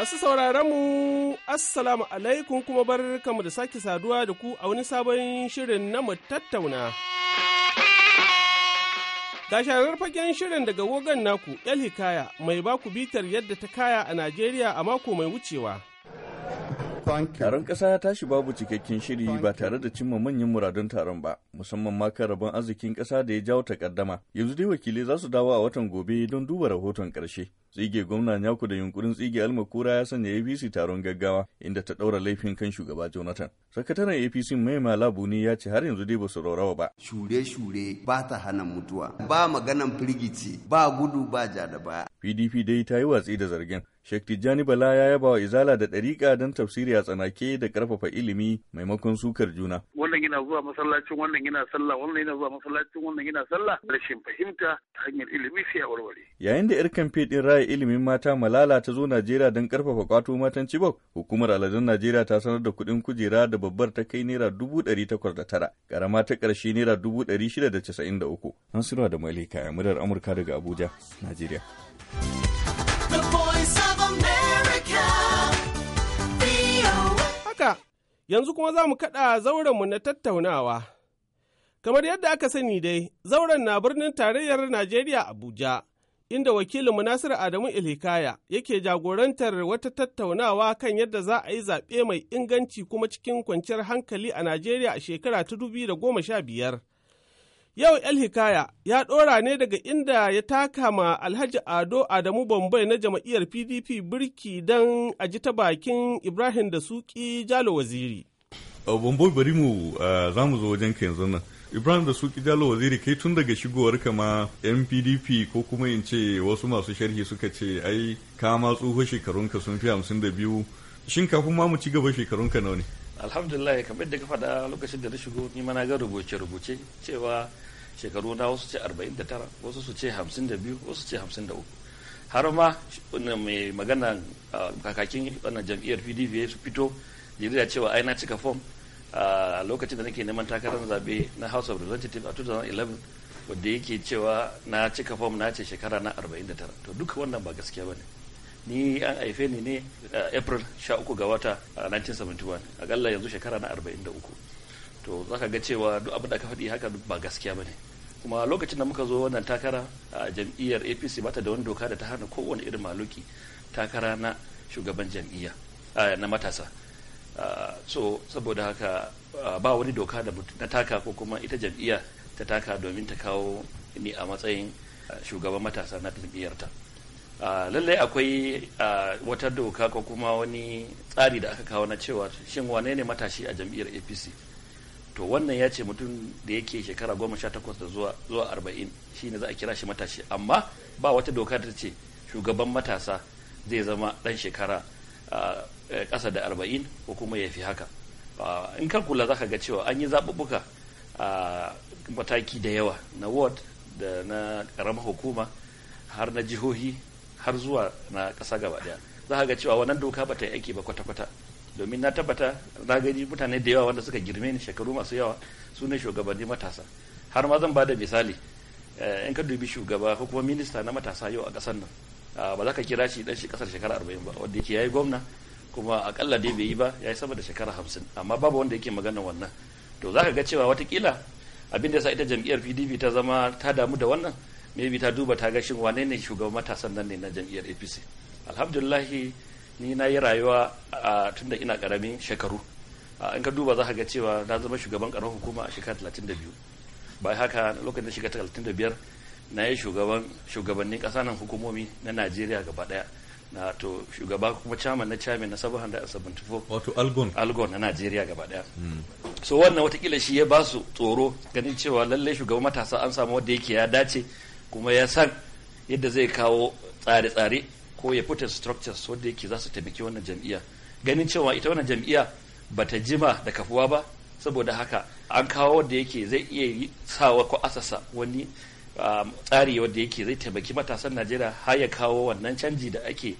Masu mu Assalamu alaikum kuma bar kamu da sake saduwa da ku a wani sabon shirin na mu tattauna. Ga sharar fagen shirin daga wogan naku, El Hikaya, mai baku bitar yadda ta kaya a Najeriya a mako mai wucewa. Taron ƙasa ya tashi babu cikakken shiri ba tare da cimma manyan muradun taron ba, musamman ma kan rabon arzikin ƙasa da ya jawo takaddama. Yanzu dai wakilai za su dawo a watan gobe don duba rahoton ƙarshe. Tsige gwamna Nyako da yunkurin tsige Almakura ya sanya APC taron gaggawa inda ta ɗaura laifin kan shugaba Jonathan. Sakataren APC mai malabu ne ya ce har yanzu dai ba su raurawa ba. Shure-shure ba ta hana mutuwa, ba maganan firgici, ba gudu ba ja da baya. PDP dai ta yi watsi da zargin. Sheikh Bala ya yaba wa Izala da ɗariƙa don tafsiri a tsanake da ƙarfafa ilimi maimakon sukar juna. Wannan yana zuwa masallacin wannan yana sallah wannan yana zuwa masallacin wannan yana sallah rashin fahimta ta hanyar ilimi sai a warware. Yayin da 'yar kamfe ɗin raya ilimin mata Malala ta zo Najeriya don ƙarfafa kwato matan Chibok, hukumar aladun Najeriya ta sanar da kuɗin kujera da babbar ta kai naira dubu ɗari takwas da tara, ƙarama ta ƙarshe naira dubu ɗari shida da casa'in da uku. Nasiru da Malika, murar Amurka daga Abuja, Najeriya. Haka, yanzu kuma za mu kaɗa zaurenmu na tattaunawa. Kamar yadda aka sani dai, zauren na birnin tarayyar Najeriya Abuja, inda wakilin Nasiru Adamu Ilhikaya yake jagorantar wata tattaunawa kan yadda za a yi zaɓe mai inganci kuma cikin kwanciyar hankali a Najeriya a shekara ta da goma sha biyar. Yau El Hikaya ya ɗora ne daga inda ya taka ma Alhaji Ado Adamu Bambai na jam'iyyar PDP birki don a ji ta bakin Ibrahim da Suki Jalo Waziri. Bambai bari mu ah, za mu zo wajen ka yanzu nan. Ibrahim da Suki Jalo Waziri kai tun daga shigowar kama yan PDP ko kuma in ce wasu masu sharhi suka ce ai ma tsoho shekarunka sun fi hamsin da biyu. Shin kafin ma mu ci gaba shekarunka nawa ne? alhamdulillah kamar da ka faɗa lokacin da na shigo ni ma na ga rubuce rubuce cewa shekaru na wasu ce 49 wasu su ce 52 wasu ce 53 har ma mai magana kakakin wannan jam'iyyar pdp ya fito jirgin cewa ai na cika fom a lokacin da nake neman takarar zabe na house of representatives a 2011 wadda yake cewa na cika fom na ce shekara na 49 to duka wannan ba gaskiya ba ne ni an haife ni ne april 13 ga wata 1971 akalla yanzu shekara na 43 to zaka ga cewa duk abin da ka faɗi haka ba gaskiya ba ne kuma lokacin da muka zo wannan takara a jam'iyyar apc bata da wani doka da ta hana kowane irin maluki takara na shugaban jam'iyya na matasa so saboda haka ba wani doka da na taka ko kuma ita jam'iyya ta taka domin ta kawo ni a matsayin shugaban matasa na jam'iyyarta lallai akwai wata doka ko kuma wani tsari da aka kawo na cewa shin wane ne matashi a jam'iyyar apc to wannan ya ce mutum da yake shekara goma sha takwas da zuwa zuwa arba'in ne za a kira shi matashi amma ba wata doka ta ce shugaban matasa zai zama ɗan shekara kasa eh, da arba'in ko kuma ya fi haka in ka kula za ka ga cewa an yi zaɓuɓɓuka a mataki da yawa na ward da na ƙaramar hukuma har na jihohi har zuwa na ƙasa gaba ɗaya za ka ga cewa wannan doka ba ta yi aiki ba kwata-kwata domin na tabbata na gani mutane da yawa wanda suka girme ni shekaru masu yawa su ne shugabanni matasa har ma zan ba da misali eh, in ka dubi shugaba ko kuma minista na matasa yau a kasar nan ah, ba za ka kira shi dan shi kasar shekara arba'in ba wanda yake yi gwamna kuma akalla dai bai yi ba ya yi sama da shekara hamsin amma babu wanda yake magana wannan to za ka ga cewa watakila abin da ya sa ita jam'iyyar pdp ta zama ta damu da wannan maybe ta duba ta ga shin wane ne shugaban matasan nan ne na jam'iyyar apc alhamdulillahi ni na yi rayuwa a tunda ina karamin shekaru in ka duba za ka ga cewa na zama shugaban karamin hukuma a shekara talatin da biyu bai haka lokacin da shiga biyar na yi shugaban shugabannin nan hukumomi na najeriya gaba daya na to shugaba kuma chairman na chairman na 774 wato algon algon na najeriya gaba daya hmm. so wannan watakila shi ya ba su tsoro ganin cewa lallai shugaban matasa an samu wanda yake ya dace kuma ya san yadda zai kawo tsare-tsare ko ya fita structures wanda yake za su taimaki wannan jam'iyya ganin cewa ita wannan jam'iyya ba ta jima da kafuwa ba saboda haka an kawo wanda yake zai iya sawa ko asasa wani tsari wanda yake zai taimaki matasan najeriya har ya kawo wannan canji da ake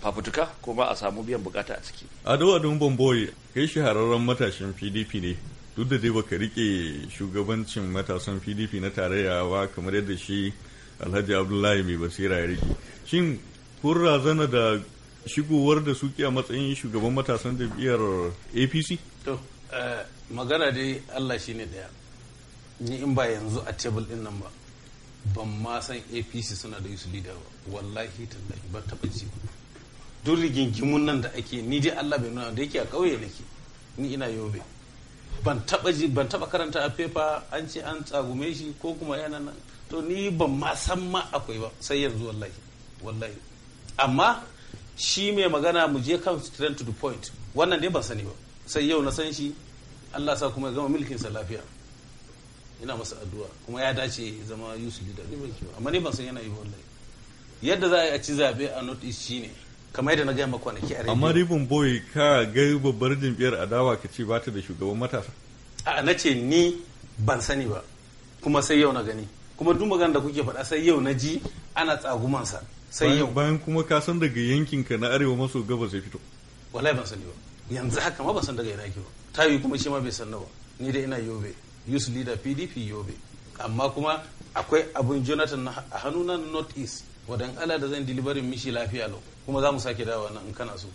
fafutuka kuma a samu biyan bukata a ciki ado adun bambori kai shahararren matashin pdp ne duk da dai baka rike shugabancin matasan pdp na tarayya ba kamar yadda shi alhaji abdullahi mai basira ya rike shin kun razana da shigowar da suke a matsayin shugaban matasan jam'iyyar apc to eh, magana dai allah shine daya ni in ba yanzu a tebul din nan ba ban ma san apc suna da yusuf leader ba wallahi tallahi ba taɓa ji duk rigingimun nan da ake ni dai allah bai nuna da yake a ƙauye nake ni ina yobe ban taba ji ban taba karanta a pepa an ce an tsagume shi ko kuma yana nan to ni ban ma san ma akwai ba sai yanzu wallahi wallahi amma shi mai magana mu je kan straight to the point wannan dai ban sani ba sai yau na san shi Allah sa kuma ya gama mulkin sa lafiya ina masa addu'a kuma ya dace zama youth leader ne ban amma ne ban san yana yi wallahi yadda za a yi a ci zabe a north east shine kamar yadda na gaya maka kwanaki a amma ribin boy ka ga babbar jam'iyyar adawa ka ce ba ta da shugaban matasa a na ce ni ban sani ba kuma sai yau na gani kuma duk magana da kuke faɗa sai yau na ji ana tsagumansa sai yau bayan kuma ka san daga yankin ka na arewa maso gaba zai fito wallahi ban sani ba yanzu haka ma ba san daga iraki ba tayi kuma shi ma bai san ba ni dai ina yobe youth leader pdp yobe amma kuma akwai abun jonathan a na north east wadan ala da zan dilibari mishi lafiya lau kuma za mu sake dawo nan in kana so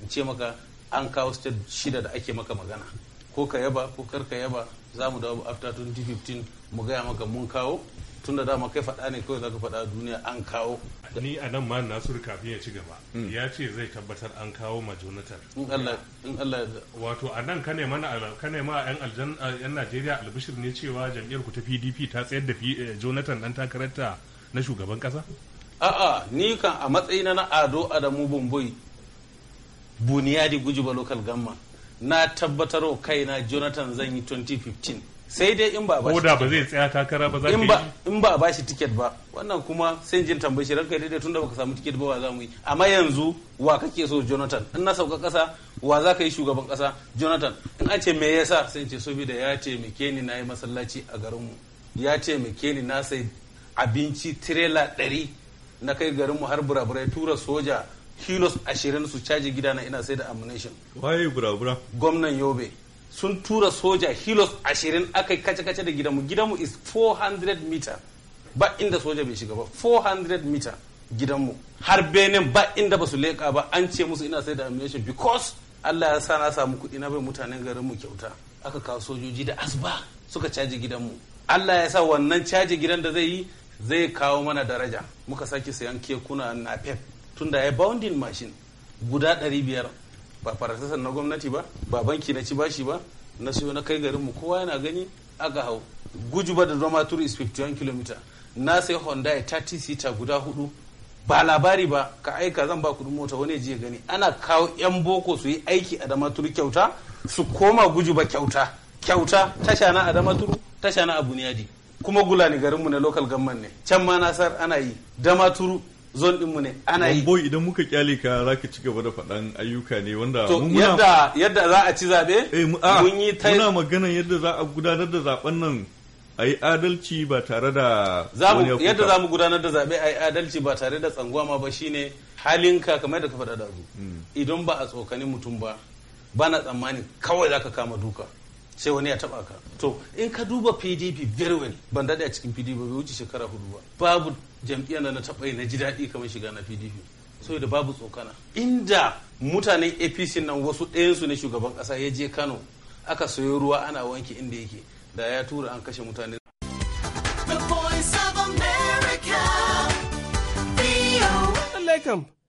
in ce maka an kawo state shida da ake maka magana ko ka yaba ko kar ka yaba za mu dawo after 2015 mu gaya maka mun kawo tun da dama kai faɗa ne kawai zaka faɗa duniya an kawo ni a nan ma nasiru kafin ya ci gaba hmm. ya ce zai tabbatar an kawo ma jonathan in allah wato a nan ka nema ka nema yan yan najeriya albishir ne cewa jam'iyyar ku ta pdp ta tsayar da eh, jonathan dan takararta na shugaban kasa a'a ni kan a matsayina na ado adamu bumbui buniyadi gujiba local gamma na tabbatarwa kaina jonathan zan yi 2015 sai dai in ba ba da ba zai tsaya takara ba za ka yi in ba ba shi tiket ba wannan kuma sai jin tambayi shi ranka daidai tunda baka samu tiket ba wa za yi amma yanzu wa kake so Jonathan in na sauka kasa wa za ka yi shugaban kasa Jonathan in an ce me yasa sai ce saboda ya ce mike ni na masallaci a garin mu ya ce ni na sai abinci trailer ɗari na kai garin mu har ya tura soja kilos ashirin su caji gidana ina sai da ammunition waye burabura gwamnan yobe sun tura soja hilos ashirin aka kace-kace da gidanmu gidanmu is 400 meter ba inda soja bai shiga ba 400 meter gidanmu har benin ba inda ba su leƙa ba an ce musu ina sai da ammunition because allah ya sa na samu kuɗi na bai mutanen garin mu kyauta aka kawo sojoji da asba suka caji gidanmu allah ya sa wannan caji gidan da zai yi zai kawo mana daraja muka sake sayan kekuna na pep tunda ya bounding machine guda 500 ba faratasan na gwamnati ba ba banki na ci bashi ba na siyo na kai garinmu kowa yana gani aka hau gujuba ba da zama turu is 51 km na sai honda ya 30 sita guda hudu ba labari ba ka aika zan ba kudin mota wani je gani ana kawo yan boko su yi aiki a dama damaturu kyauta su koma gujuba ba kyauta kyauta tasha na a tur tasha na a kuma kuma gulani garinmu na local government ne can ma nasar ana yi dama damaturu zone dinmu ne ana yi boy idan muka kyale ka za ka ci gaba da faɗan ayyuka ne wanda to yadda yadda za a ci zabe eh, ah, mun yi ta muna magana yadda za a gudanar da zaben nan a yi adalci ba tare da yadda za mu gudanar da zaɓe a yi adalci ba tare da tsanguwa ma ba shine halinka kamar da ka faɗa da hmm. idan ba a tsokani mutum ba ba na tsammani kawai za ka kama duka sai wani ya taɓa ka to in ka duba pdp very well ban daɗe a cikin pdp ba bai wuce shekara hudu ba babu jam'iyyar da na taɓa yi na ji daɗi kamar shiga na pdp saboda babu tsokana inda mutanen apc nan wasu ɗayansu na shugaban ƙasa ya je kano aka sayo ruwa ana wanke inda yake da ya tura an kashe mutane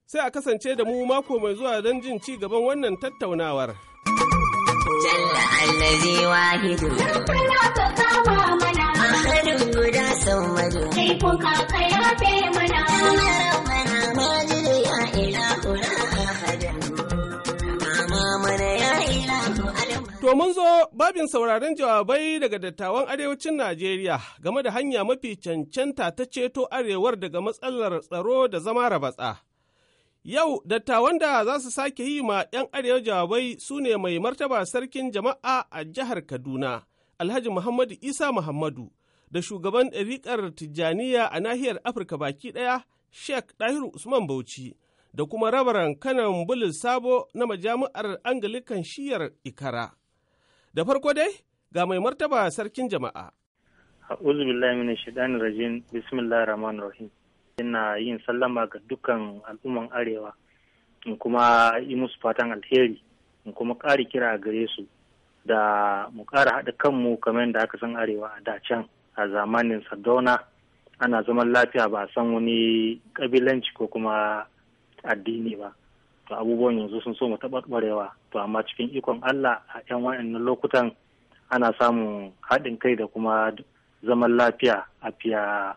sai a kasance da mu mako mai zuwa don jin ci gaban wannan tattaunawar. Jalla allazi wahidu. Muhammadu. ya ce mana. Ya rabbana ya ilahu na ahadin. mana ya ilahu To mun zo babin sauraron jawabai daga dattawan arewacin Najeriya game da hanya mafi cancanta ta ceto arewar daga matsalar tsaro da zama rabatsa. Yau dattawan da za su sake yi ma 'yan arewa jawabai su ne mai martaba sarkin jama'a a jihar Kaduna, Alhaji Muhammadu Isa Muhammadu da shugaban ɗariƙar Tijjaniya a nahiyar Afirka baki ɗaya, Sheikh Ɗahiru Usman Bauchi, da kuma rabaran kanan bulin sabo na majami'ar Anglikan shiyar Ikara. Da farko dai, ga mai martaba sarkin jama'a. Ina yin sallama ga dukkan al'umman Arewa in kuma yi musu fatan alheri in kuma ƙari kira gare su da mu ƙara haɗa kanmu kamar da aka san Arewa a da can. a zamanin sardauna ana zaman lafiya ba a san wani kabilanci ko kuma addini ba to abubuwan yanzu sun so mu taɓarɓarewa to amma cikin ikon Allah a 'yan wa'annan lokutan ana samun haɗin kai da kuma zaman lafiya a fiya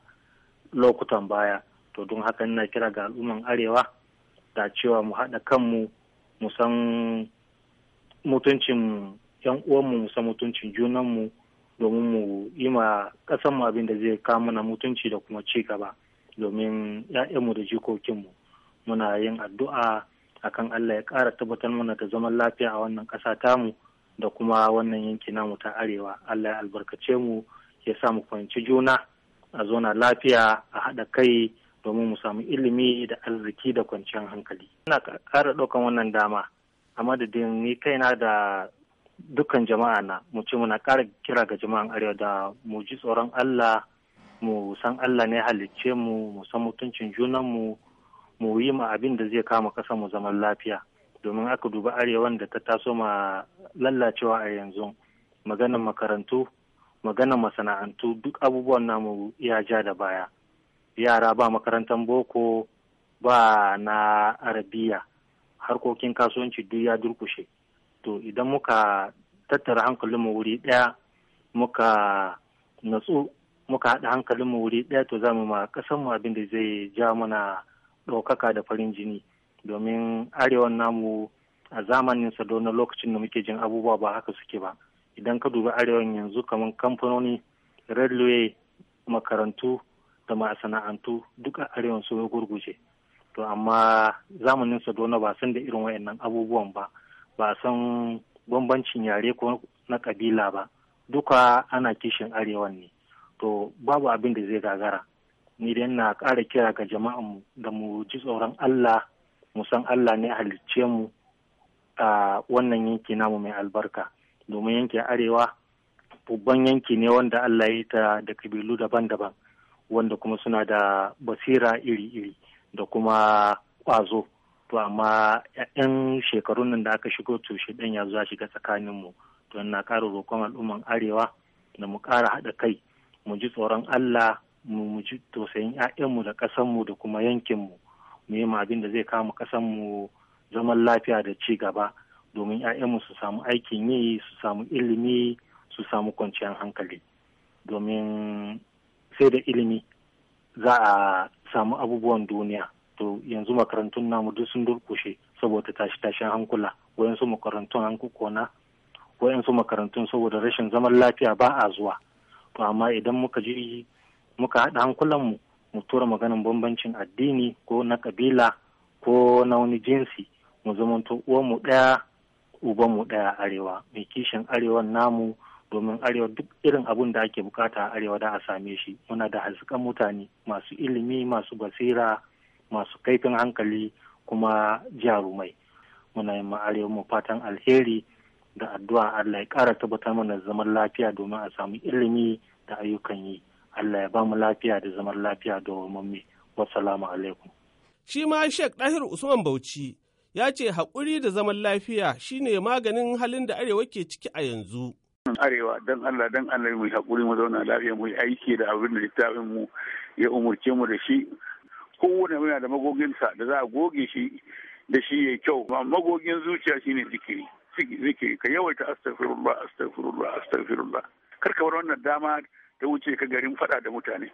lokutan baya to don haka na kira ga al'umman arewa da cewa mu haɗa kanmu mu san mutuncin 'yan uwanmu mu san mutuncin junanmu domin mu yi ma mu abin da zai kawo mana mutunci da kuma ci gaba domin 'ya'yanmu da jikokinmu muna yin addu'a akan Allah ya kara tabbatar mana da zaman lafiya a wannan ƙasa tamu da kuma wannan yanki namu ta arewa Allah ya albarkace mu ya sa mu fahimci juna a zona lafiya a haɗa kai domin mu samu ilimi da arziki da kwanciyar hankali. Ina ƙara ɗaukan wannan dama a madadin ni kaina da dukkan jama'a na mu ce muna ƙara kira ga jama'an arewa da mu ji tsoron Allah mu san Allah ne halicce mu mu san mutuncin junan mu mu yi ma abin da zai kama ƙasar mu zaman lafiya domin aka duba arewan da ta taso ma lallacewa a yanzu maganan makarantu maganan masana'antu duk abubuwan namu ya ja da baya yara ba makarantar boko ba na arabiya harkokin kasuwanci duk ya durkushe to idan muka tattara hankalin mu wuri ɗaya muka natsu muka haɗa mu wuri ɗaya to za mu ma ƙasanmu abin da zai ja mana ɗaukaka da farin jini domin arewan namu a zamanin sa na lokacin da muke jin abubuwa ba haka suke ba idan ka duba arewan yanzu kamar kamfanoni railway makarantu da masana'antu duka arewan su gurguje to amma zamanin sa na ba san da irin wayannan abubuwan ba ba san bambancin yare ko na kabila ba duka ana kishin arewan ne to babu abin da zai gagara ni dai na ƙara kira ga jama'an da mu ji tsoron Allah mu san Allah ne halicce mu a wannan yanki namu mai albarka domin yankin arewa babban yanki ne wanda Allah ya ta da kabilu daban-daban wanda kuma suna da basira iri-iri da kuma ƙwazo to amma yan shekarun nan da aka shigo to shi ɗan ya zuwa shiga tsakanin mu to na ƙara roƙon al'umman arewa da mu ƙara haɗa kai mu ji tsoron Allah mu ji tausayin 'ya'yanmu da ƙasanmu da kuma yankin mu yi abin da zai kama mu zaman lafiya da ci gaba domin 'ya'yanmu su samu aikin yi su samu ilimi su samu kwanciyar hankali domin sai da ilimi za a samu abubuwan duniya to yanzu makarantun namu duk sun durkushe saboda tashi tashin hankula wayansu makarantun an wayansu makarantun saboda rashin zaman lafiya ba a zuwa to amma idan muka ji muka haɗa hankulan mu mu tura maganin bambancin addini ko na kabila ko na wani jinsi mu zamanto uwanmu ɗaya ubanmu ɗaya arewa mai kishin arewan namu domin arewa duk irin abun da ake bukata a arewa da a same shi muna da hasken mutane masu ilimi masu basira masu kaifin hankali kuma jarumai muna yi ma'arewa mu fatan alheri da addu'a Allah ya ƙara tabbatar mana zaman lafiya domin a samu ilimi da ayyukan yi Allah ya ba mu lafiya da zaman lafiya domin mu. wassalamu alaikum shi ma Sheikh Dahir Usman Bauchi ya ce haƙuri da zaman lafiya shine maganin halin da arewa ke ciki a yanzu. arewa don Allah don Allah mu haƙuri mu zauna lafiya mu aiki da abin da littafin mu ya umurce mu da shi kowane muna da magoginsa da za a goge shi da shi ya kyau magogin zuciya shine zikiri zikiri ka yawaita astaghfirullah astaghfirullah astaghfirullah kar ka bar wannan dama ta wuce ka garin fada da mutane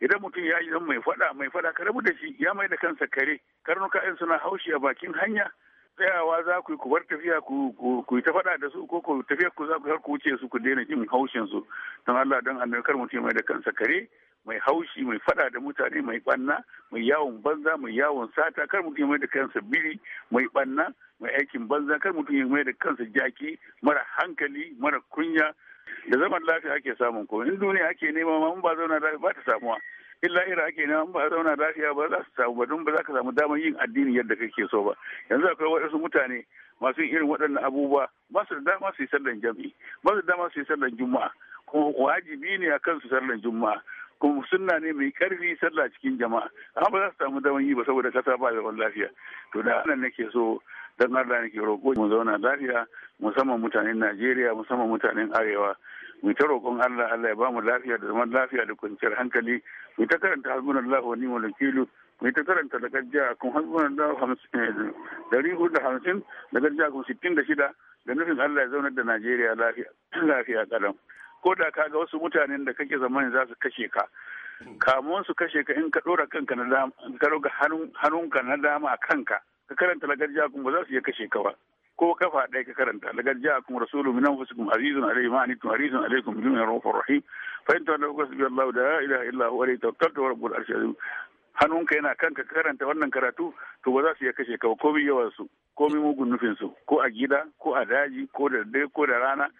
idan mutum ya yi zan mai fada mai fada ka rabu da shi ya mai da kansa kare karnuka in suna haushi a bakin hanya tsayawa za ku yi ku bar tafiya ku yi ta faɗa da su ko ku tafiya ku za ku ku wuce su ku daina jin haushin su don Allah don annabi kar mutum mai da kansa kare mai haushi mai fada da mutane mai banna mai yawon banza mai yawon sata kar mutum ya mai da kansa biri mai banna mai aikin banza kar mutum ya mai da kansa jaki mara hankali mara kunya da zaman lafiya ake samun ko in duniya ake nema ma ba zauna da ba ta samuwa in lahira ake nema ba zauna lafiya ba za su samu ba don ba za ka samu damar yin addini yadda kake so ba yanzu akwai waɗansu mutane masu irin waɗannan abubuwa ba su da dama su yi sallan jami'i ba su da dama su yi sallan juma'a kuma wajibi ne a kansu sallan juma'a kuma sunna ne mai karfi sallah cikin jama'a amma ba za su samu daman yi ba saboda kasa ba zaman lafiya to da nan nake so dan Allah nake roƙo mu zauna lafiya musamman mutanen Najeriya musamman mutanen Arewa mu ta roƙon Allah Allah ya bamu lafiya da zaman lafiya da kwanciyar hankali mu ta karanta hasbunallahu wa ni'mal wakilu mu ta karanta da gajiya kun hasbunallahu eh, dari hudu da hamsin da gajiya kun sittin da shida da nufin Allah ya zaunar da Najeriya lafiya lafiya kalam ko da ka ga wasu mutanen da kake zamani za su kashe ka kamun su kashe ka in ka dora kanka na dama ka roga hannunka na dama a kanka ka karanta lagarjiya kuma ba za su iya kashe ka ba ko kafa ɗaya ka karanta lagarjiya kuma rasulu min anfusikum azizun alayhi ma anitum azizun alaykum bi min rawfur rahim fa in tawallu fa bi Allah la ilaha illa huwa alayhi tawakkaltu wa rabbul arshil azim hannunka yana kanka ka karanta wannan karatu to ba za su iya kashe ka ba komai yawan su komai mugun nufin su ko a gida ko a daji ko da dare ko da rana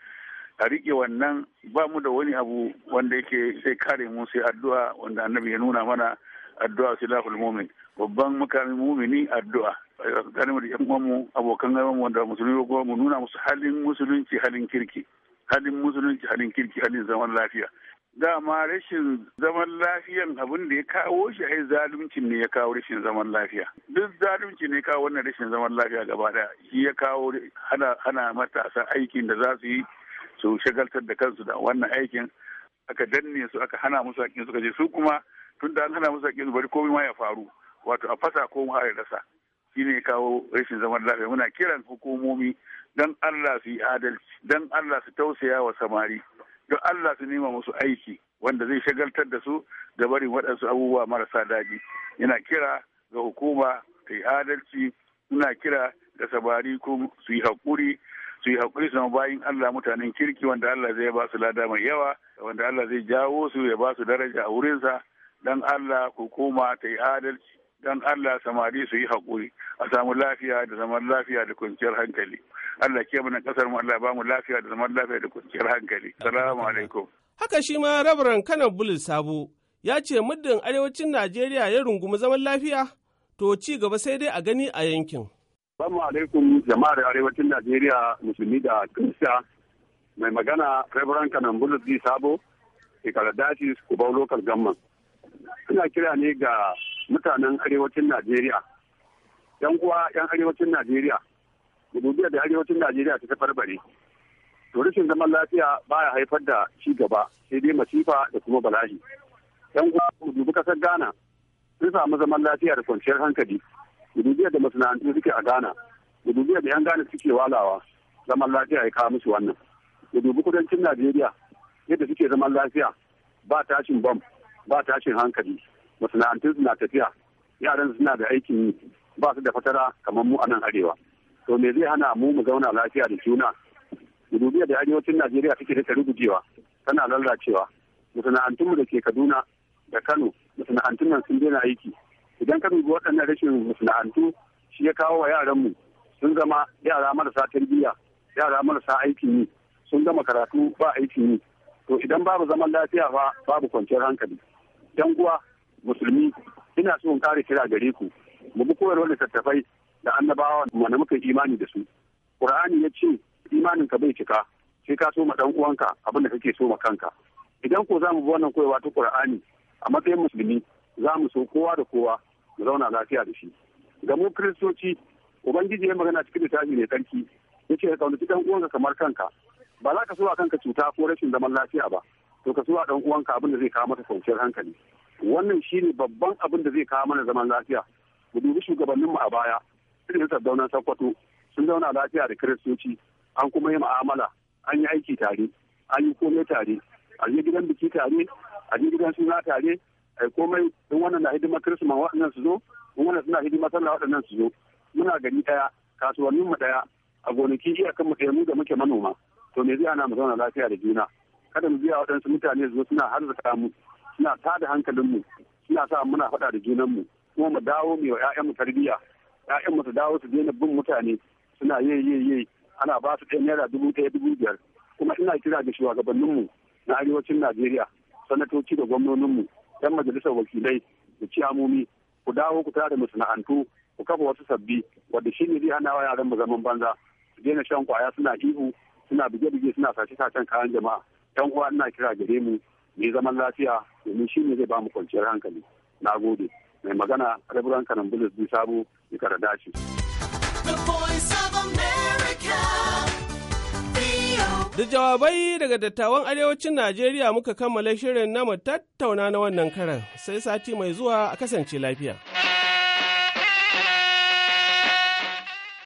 a rike wannan ba mu da wani abu wanda yake sai kare mu sai addu'a wanda annabi ya nuna mana addu'a silahul mumin babban makamin mumini addu'a tsakanin da yan uwanmu abokan gaban wanda musulmi ko mu nuna musu halin musulunci halin kirki halin musulunci halin kirki halin zaman lafiya dama rashin zaman lafiyan abin da ya kawo shi ai zaluncin ne ya kawo rashin zaman lafiya duk zalunci ne kawo wannan rashin zaman lafiya gaba daya shi ya kawo hana matasa aikin da za su yi su shagaltar da kansu da wannan aikin aka danne su aka hana musu haƙƙin suka je su kuma tun da an hana musu haƙƙin su bari komai ma ya faru wato a fasa ko mu ya rasa shine kawo rashin zaman lafiya muna kiran hukumomi don Allah su yi adalci don Allah su tausaya wa samari don Allah su nema musu aiki wanda zai shagaltar da su da barin waɗansu abubuwa marasa daɗi yana kira ga hukuma ta yi adalci Muna kira da samari ko su yi haƙuri su yi haƙuri su bayan Allah mutanen kirki wanda Allah zai ba su lada mai yawa wanda Allah zai jawo su ya ba su daraja a wurinsa dan Allah hukuma ta yi adalci don Allah samari su yi haƙuri a samu lafiya da zaman lafiya da kwanciyar hankali Allah ke mana kasar mu Allah ba mu lafiya da zaman lafiya da kwanciyar hankali assalamu alaikum haka shi ma rabaran kanan bulul sabo ya ce muddin arewacin Najeriya ya rungumi zaman lafiya to ci gaba sai dai a gani a yankin Assalamu alaikum jama'ar arewacin Najeriya musulmi da Kirista mai magana Reverend Kanan Bulutsi Sabo shekarar su Kubau Lokal Gamman. Ina kira ne ga mutanen arewacin Najeriya. Yan uwa yan arewacin Najeriya. Mudubiya da arewacin Najeriya ta farbare. To zaman lafiya baya haifar da ci gaba sai dai masifa da kuma balahi. Yan uwa dubi kasar Ghana sun samu zaman lafiya da kwanciyar hankali. gudubiyar da masana'antu suke a ghana gudubiyar da yan ghana suke walawa zaman lafiya ya kawo musu wannan gudubi kudancin najeriya yadda suke zaman lafiya ba tashin bam ba tashin hankali masana'antun suna tafiya yaran suna da aikin yi ba su da fatara kamar mu a nan arewa to me zai hana mu mu zauna lafiya da juna gudubiyar da arewacin najeriya suke da rugujewa tana lallacewa masana'antunmu da ke kaduna da kano masana'antun nan sun daina aiki idan ka dubi waɗannan rashin masana'antu shi ya kawo wa yaranmu sun zama yara marasa tarbiyya yara marasa aikin yi sun gama karatu ba aikin yi to idan babu zaman lafiya fa babu kwanciyar hankali Dan uwa musulmi ina so in kare kira gare ku mu bi koyarwar littattafai da annabawa na muka imani da su qur'ani ya ce imanin ka bai cika sai ka so ma dan uwanka abin da kake so ma kanka idan ko za mu bi wannan koyarwa ta qur'ani a matsayin musulmi za mu so kowa da kowa mu zauna lafiya da shi ga mu kiristoci ubangiji ya magana cikin littafi mai tsarki ce ka kaunaci dan uwanka kamar kanka ba za ka so a kanka cuta ko rashin zaman lafiya ba to ka so a dan uwanka abin da zai kawo mata kwanciyar hankali wannan shine babban abin da zai kawo mana zaman lafiya mu dubi shugabanninmu a baya irin sardaunan sakkwato sun zauna lafiya da kiristoci an kuma yi mu'amala an yi aiki tare an yi komai tare a gidan biki tare a gidan suna tare ai komai in wannan na hidima kirisma waɗannan su zo in wannan suna hidima sallah waɗannan su zo muna gani ɗaya kasuwannin mu ɗaya a gonaki iyakan mu ɗaya mu da muke manoma to me zai ana mu zauna lafiya da juna kada mu biya waɗansu mutane su zo suna harzuka mu suna tada hankalin mu suna sa muna faɗa da junan mu kuma mu dawo mu yi mu tarbiyya ƴaƴan mu su dawo su daina bin mutane suna yi yi yi ana ba su ɗaya naira dubu ɗaya dubu biyar kuma ina kira da shugabanninmu na arewacin najeriya sanatoci da gwamnoninmu 'yan majalisar wakilai da ciyamomi ku dawo ku da masana'antu ku kafa wasu sabbi wadda shi ne zai hana wa yaran mu zaman banza su daina shan kwaya suna ihu suna buge-buge suna sace-sacen kayan jama'a yan uwa ina kira gare mu mai zaman lafiya domin shi ne zai ba mu kwanciyar hankali na gode mai magana raburan kanan bulus bi sabo ya kara dace. The voice of America. Da jawabai daga dattawan arewacin Najeriya muka kammala shirin na tattauna na wannan karan sai sati mai zuwa a kasance lafiya.